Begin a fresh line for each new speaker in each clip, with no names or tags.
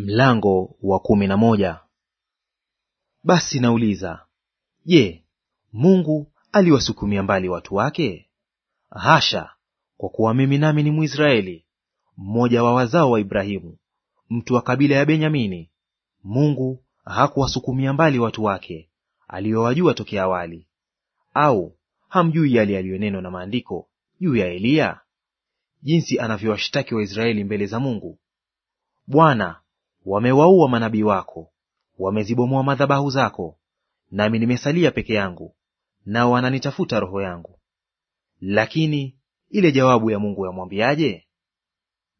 Mlango wa kumi na moja. Basi nauliza, je, Mungu aliwasukumia mbali watu wake? Hasha, kwa kuwa mimi nami ni Mwisraeli, mmoja wa wazao wa Ibrahimu, mtu wa kabila ya Benyamini. Mungu hakuwasukumia mbali watu wake aliyowajua tokea awali. Au hamjui yale yaliyonenwa na maandiko juu ya Eliya, jinsi anavyowashtaki Waisraeli mbele za Mungu? Bwana Wamewaua manabii wako, wamezibomoa madhabahu zako, nami nimesalia peke yangu, nao wananitafuta roho yangu. Lakini ile jawabu ya Mungu yamwambiaje?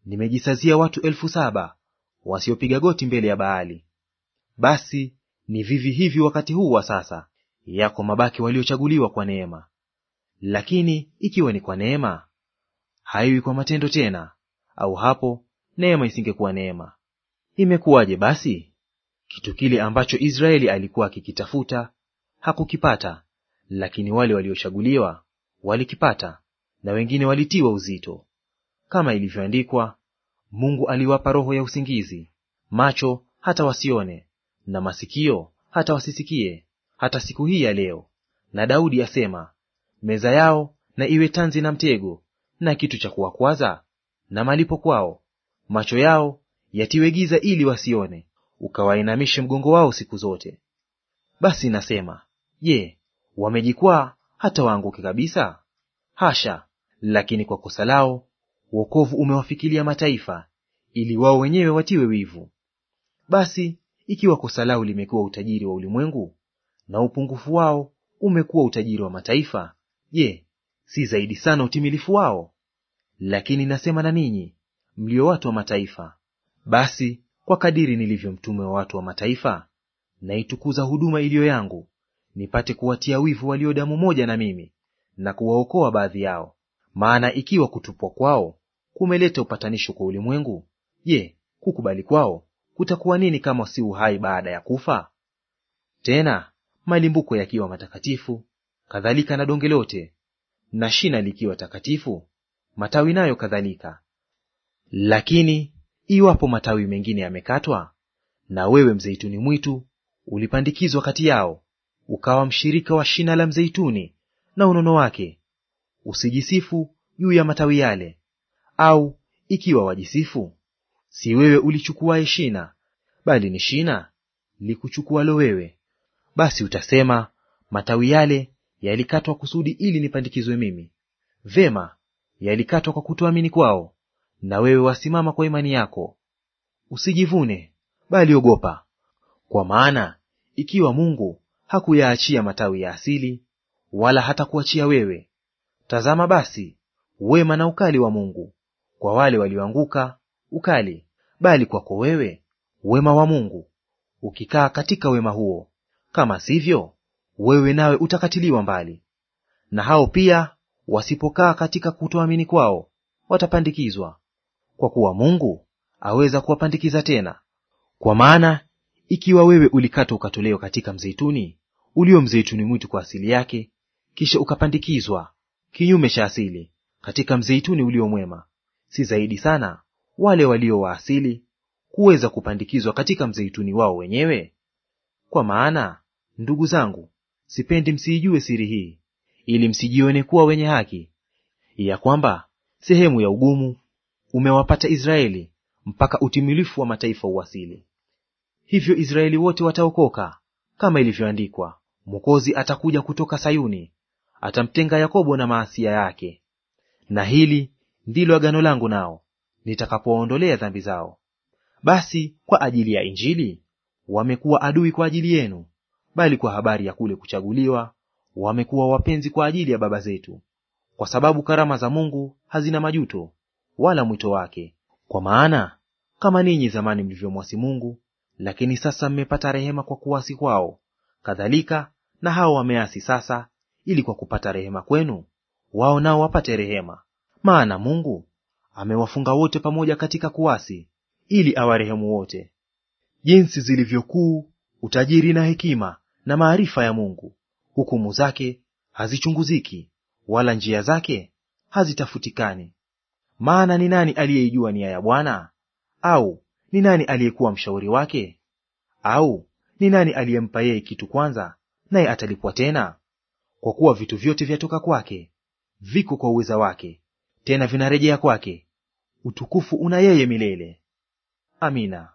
Nimejisazia watu elfu saba wasiopiga goti mbele ya Baali. Basi ni vivi hivi wakati huu wa sasa, yako mabaki waliochaguliwa kwa neema. Lakini ikiwa ni kwa neema, haiwi kwa matendo tena; au hapo neema isingekuwa neema. Imekuwaje basi? Kitu kile ambacho Israeli alikuwa akikitafuta hakukipata, lakini wale waliochaguliwa walikipata, na wengine walitiwa uzito. Kama ilivyoandikwa, Mungu aliwapa roho ya usingizi, macho hata wasione, na masikio hata wasisikie, hata siku hii ya leo. Na Daudi asema, meza yao na iwe tanzi na mtego, na kitu cha kuwakwaza na malipo kwao, macho yao yatiwe giza ili wasione, ukawainamishe mgongo wao siku zote. Basi nasema, je, wamejikwaa hata waanguke kabisa? Hasha! Lakini kwa kosa lao wokovu umewafikilia mataifa, ili wao wenyewe watiwe wivu. Basi ikiwa kosa lao limekuwa utajiri wa ulimwengu, na upungufu wao umekuwa utajiri wa mataifa, je, si zaidi sana utimilifu wao? Lakini nasema na ninyi mlio watu wa mataifa, basi kwa kadiri nilivyo mtume wa watu wa mataifa, naitukuza huduma iliyo yangu, nipate kuwatia wivu walio damu moja na mimi, na kuwaokoa baadhi yao. Maana ikiwa kutupwa kwao kumeleta upatanisho kwa ulimwengu, je, kukubali kwao kutakuwa nini kama si uhai baada ya kufa? Tena malimbuko yakiwa matakatifu, kadhalika na donge lote, na shina likiwa takatifu, matawi nayo kadhalika. Lakini Iwapo matawi mengine yamekatwa, na wewe mzeituni mwitu ulipandikizwa kati yao, ukawa mshirika wa shina la mzeituni na unono wake, usijisifu juu ya matawi yale; au ikiwa wajisifu, si wewe ulichukuaye shina, bali ni shina likuchukualo wewe. Basi utasema, matawi yale yalikatwa kusudi ili nipandikizwe mimi. Vema, yalikatwa kwa kutoamini kwao, na wewe wasimama kwa imani yako. Usijivune, bali ogopa. Kwa maana ikiwa Mungu hakuyaachia matawi ya asili, wala hatakuachia wewe. Tazama basi wema na ukali wa Mungu kwa wale walioanguka ukali, bali kwako wewe wema wa Mungu, ukikaa katika wema huo; kama sivyo, wewe nawe utakatiliwa mbali. Na hao pia wasipokaa katika kutoamini kwao, watapandikizwa kwa kuwa Mungu aweza kuwapandikiza tena. Kwa maana ikiwa wewe ulikatwa ukatolewa katika mzeituni ulio mzeituni mwitu kwa asili yake, kisha ukapandikizwa kinyume cha asili katika mzeituni ulio mwema, si zaidi sana wale walio wa asili kuweza kupandikizwa katika mzeituni wao wenyewe? Kwa maana ndugu zangu, sipendi msiijue siri hii, ili msijione kuwa wenye haki, ya kwamba sehemu ya ugumu umewapata Israeli mpaka utimilifu wa mataifa uwasili. Hivyo Israeli wote wataokoka, kama ilivyoandikwa, Mwokozi atakuja kutoka Sayuni, atamtenga Yakobo na maasia yake. Na hili ndilo agano langu nao, nitakapoondolea dhambi zao. Basi kwa ajili ya Injili wamekuwa adui kwa ajili yenu, bali kwa habari ya kule kuchaguliwa wamekuwa wapenzi kwa ajili ya baba zetu, kwa sababu karama za Mungu hazina majuto, wala mwito wake. Kwa maana kama ninyi zamani mlivyomwasi Mungu, lakini sasa mmepata rehema kwa kuasi kwao, kadhalika na hao wameasi sasa, ili kwa kupata rehema kwenu wao nao wapate rehema. Maana Mungu amewafunga wote pamoja katika kuasi, ili awarehemu wote. Jinsi zilivyokuu utajiri na hekima na maarifa ya Mungu! Hukumu zake hazichunguziki, wala njia zake hazitafutikani. Maana ni nani aliyeijua nia ya Bwana? Au ni nani aliyekuwa mshauri wake? Au ni nani aliyempa yeye kitu kwanza, naye atalipwa tena? Kwa kuwa vitu vyote vyatoka kwake, viko kwa uweza wake, tena vinarejea kwake. Utukufu una yeye milele. Amina.